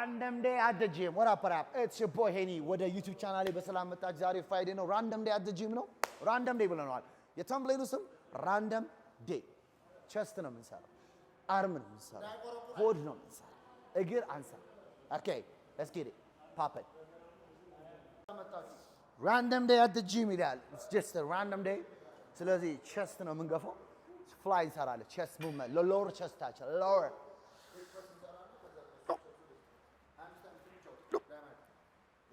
ራንደም ዴይ አደጅም ዘ ጂም ወራ ኢትስ ዮር ቦይ ሄኒ ወደ ዩቲዩብ ቻናሌ በሰላም መጣች። ዛሬ ፍራይዴ ነው። ራንደም ዴይ አት ዘ ጂም ነው። ራንደም ዴይ ብለነዋል። የተምፕሌኑ ስም ራንደም ዴይ። ቸስት ነው የምንሰራው፣ አርም ነው የምንሰራው፣ ሆድ ነው የምንሰራው፣ እግር አንሳ። ኦኬ ሌትስ ጌት ኢት ፓፕን ራንደም ዴይ አት ዘ ጂም ይላል። ኢትስ ጀስት ራንደም ዴይ። ስለዚህ ቸስት ነው የምንገፋው። ፍላይ እንሰራለን። ቸስት ሙቭመንት ለሎወር ቸስታችን ሎወር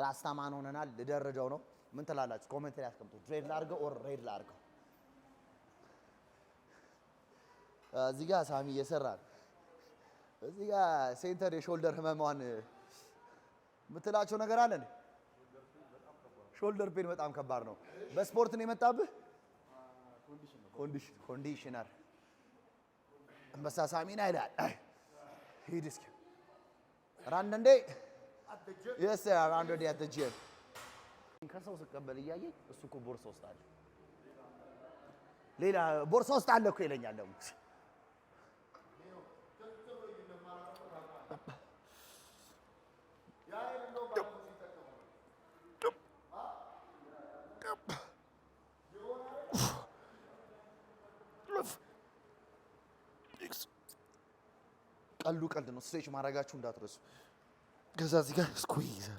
ራስታ ማን ሆነናል። ልደረጃው ነው። ምን ትላላችሁ? ኮሜንት ላይ አስቀምጡ። ድሬድ ላርገው ኦር ሬድ ላርገው? እዚህ ጋር ሳሚ እየሰራ ነው። እዚህ ጋር ሴንተር የሾልደር ህመሟን የምትላቸው ነገር አለን። ሾልደር ፔን በጣም ከባድ ነው። በስፖርት ነው የመጣብህ ኮንዲሽነር አንበሳ ሳሚን አይላል። ሂድ እስኪ ራንደንዴ Yes, ከሰው ስቀበል እያየኝ እሱ እኮ ቦርሳ ውስጥ አለ፣ ሌላ ቦርሳ ውስጥ አለ እኮ ይለኛል። ደግሞ ቀልዱ ቀልድ ነው። ስትሬች ማድረጋችሁ እንዳትረሱ። Perché sa si squeeze.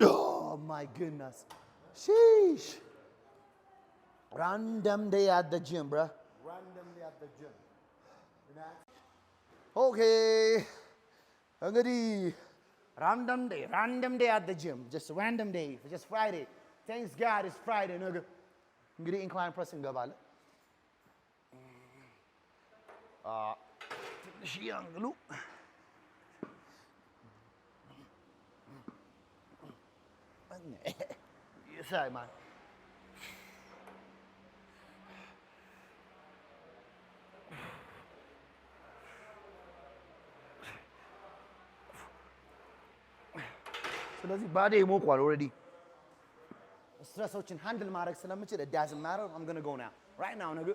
Oh my goodness. Sheesh. Random day at the gym, bruh. Random day at the gym. Okay. Angadi. Random day. Random day at the gym. Just random day. Just Friday. Thanks God it's Friday. Nigga. Angadi incline pressing gabalı triangolo you eh, say man ስለዚህ ባዴ ሞቋል ኦልሬዲ ስትረሶችን ሃንድል ማድረግ ስለምችል it doesn't matter I'm going to go now right now nigga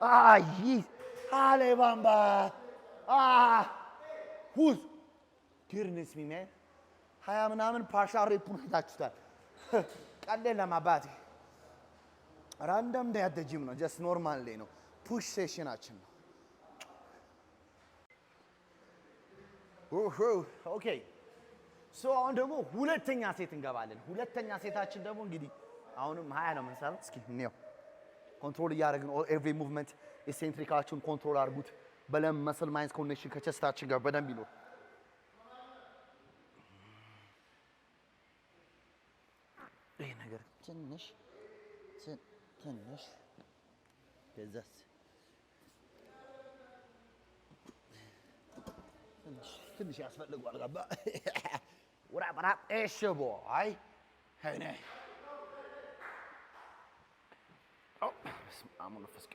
ah, yes. Ale bamba. Ah. Huz. Girin me Hayamın amın parça arayıp bunu hidaçlar. Kallele mabadi. Random de yadacım no. Just normal no. Push session açın. Okay. So ኦኬ ሶ አሁን ደግሞ ሁለተኛ ሴት እንገባለን። ሁለተኛ ሴታችን ደግሞ እንግዲህ አሁንም ሀያ ነው የምንሰራው። እስኪ እንየው። ኮንትሮል እያደረግን ኤቭሪ ሙቭመንት ኤሴንትሪካችሁን ኮንትሮል አድርጉት። በለም መስል ማይንስ ኮኔክሽን ከቸስታችን ጋር በደንብ ይኖር። ይህ ነገር ትንሽ ትንሽ ገዛት ትንሽ ያስፈልገዋል። ገባ ውራቅ ራቅ ሸቦ አይ I'm on the first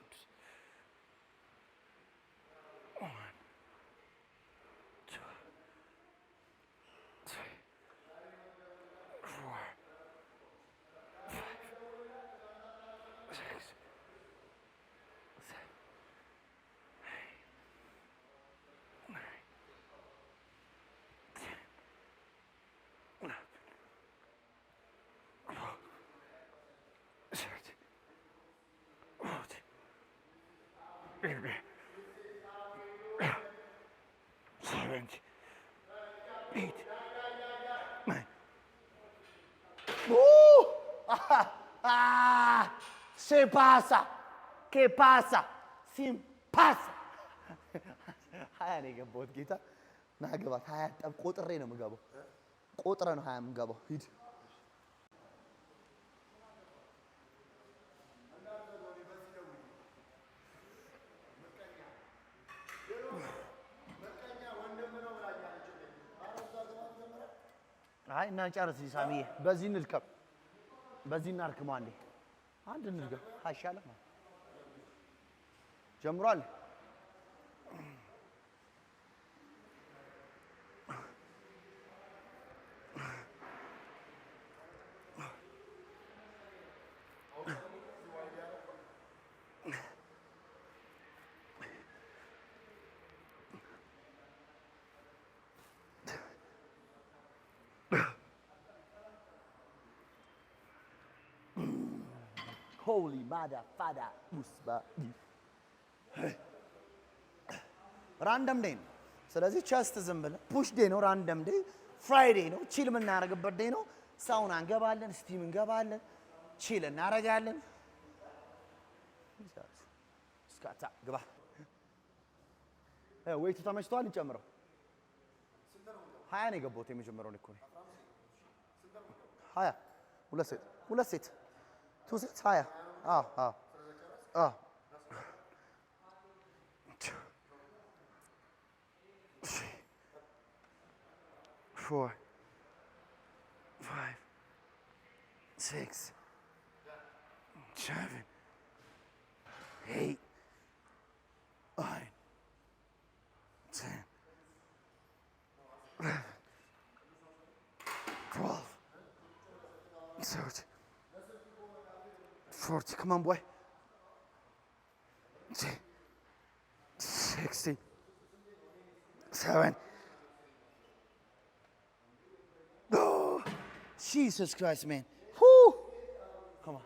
Baby. Seven. Eight. Nine. Uh! Ah, ah, se pasa. ¿Qué pasa? Sin pasa. ሀያ ነው የገባሁት ጌታ። ና ግባ። ከሀያ ነው የምገባው። ቆጥረ ነው ሀያ የምገባው። ሂድ አይ እና ጨርስ ሳሚዬ፣ በዚህ እንልቀም፣ በዚህ እናርክማ። አንድ እንልቀም አይሻልም? ጀምሯል holy mother, father, usba. ራንደም ዴይ ነው። ስለዚህ ቸስት ዝም ብለን ፑሽ ዴይ ነው። ራንደም ዴይ ፍራይዴ ነው። ቺል የምናደርግበት ዴ ነው። ሳውና እንገባለን፣ ስቲም እንገባለን፣ ቺል እናደርጋለን። እስካታ ግባ ወይቱ ተመችቷል። እንጨምረው። ሀያ ነው የገባሁት የመጀመሪያውን እኮ ሀያ ሁለት ሴት ሁለት ሴት Two sets higher. Oh, oh. Oh. Four, five, six, seven, eight, nine, ten, eleven, twelve, thirteen. 40. Come on, boy. 60. 7. Oh, Jesus Christ, man. Whew. Come on.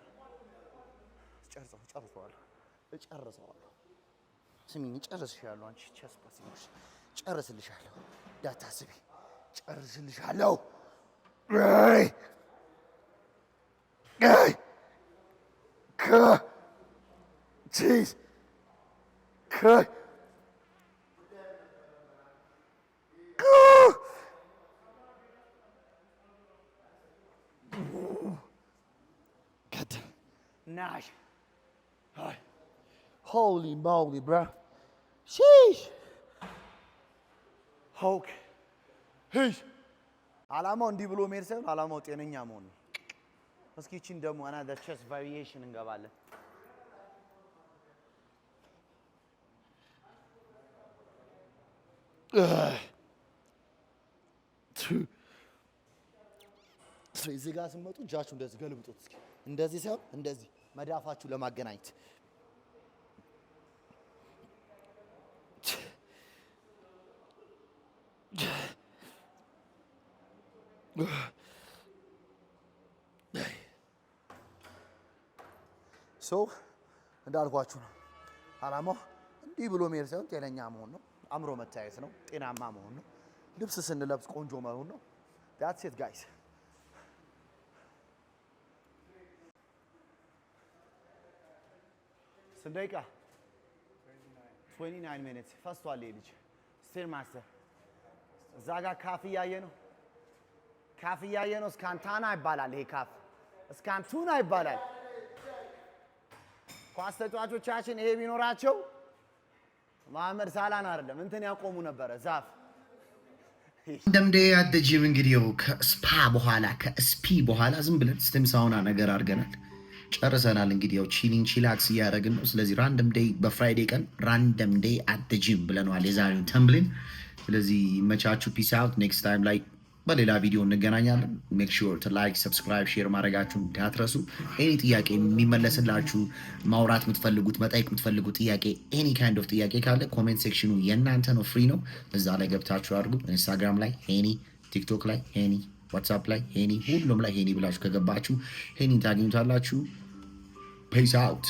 ጨርሰው ጨርሰዋለሁ እጨርሰዋለሁ። ስሚኝ፣ እጨርስሻለሁ። አንቺ ቸስ ፓሲንግሽ ጨርስልሻለሁ። እንዳታስቢ፣ ጨርስልሻለሁ። Uh, jeez. Good. Good. Nice. Hi. Holy moly, bro. Sheesh. Hulk. Hey. አላማው እንዲህ ብሎ መሄድ ሳይሆን አላማው ጤነኛ መሆን ነው። እስኪ ይቺን ደግሞ አናዘር ቸስ ቫሪዬሽን እንገባለን። እዚህ ጋር ስትመጡ እጃችሁ እንደዚህ ገልብጡት። እንደዚህ ሳይሆን እንደዚህ መዳፋችሁ ለማገናኘት ሰው እንዳልኳችሁ ነው። አላማው እንዲህ ብሎ መሄድ ሳይሆን ጤነኛ መሆን ነው፣ አእምሮ መታየት ነው፣ ጤናማ መሆን ነው፣ ልብስ ስንለብስ ቆንጆ መሆን ነው። ዳትስ ኢት ጋይስ። ስንት ደቂቃ? 29 ሚኒትስ ፈስቷል። ልጅ ስቴር ማስተር እዛ ጋር ካፍ እያየ ነው፣ ካፍ እያየ ነው። እስካንታና ይባላል ይሄ ካፍ፣ እስካንቱና ይባላል ኳስ ተጫዋቾቻችን ይሄ ቢኖራቸው መሐመድ ሳላን አይደለም እንትን ያቆሙ ነበረ ዛፍ እንደምደ አደጂም እንግዲህ ው ከስፓ በኋላ ከስፒ በኋላ ዝም ብለን ስቲም ሳውና ነገር አድርገናል ጨርሰናል። እንግዲህ ያው ቺሊን ቺላክስ እያደረግን ነው። ስለዚህ ራንደም ዴይ በፍራይዴ ቀን ራንደም ዴይ አደጂም ብለነዋል የዛሬውን ተምብሊን። ስለዚህ መቻቹ ፒስ አውት ኔክስት ታይም ላይ በሌላ ቪዲዮ እንገናኛለን። ሜክ ሹር ላይክ፣ ሰብስክራይብ፣ ሼር ማድረጋችሁን እንዳትረሱ። ኤኒ ጥያቄ የሚመለስላችሁ ማውራት የምትፈልጉት መጠየቅ የምትፈልጉት ጥያቄ ኤኒ ካይንድ ኦፍ ጥያቄ ካለ ኮሜንት ሴክሽኑ የእናንተ ነው፣ ፍሪ ነው። እዛ ላይ ገብታችሁ አድርጉ። ኢንስታግራም ላይ ሄኒ፣ ቲክቶክ ላይ ሄኒ፣ ዋትሳፕ ላይ ሄኒ፣ ሁሉም ላይ ሄኒ ብላችሁ ከገባችሁ ሄኒ ታገኙታላችሁ። ፔስ አውት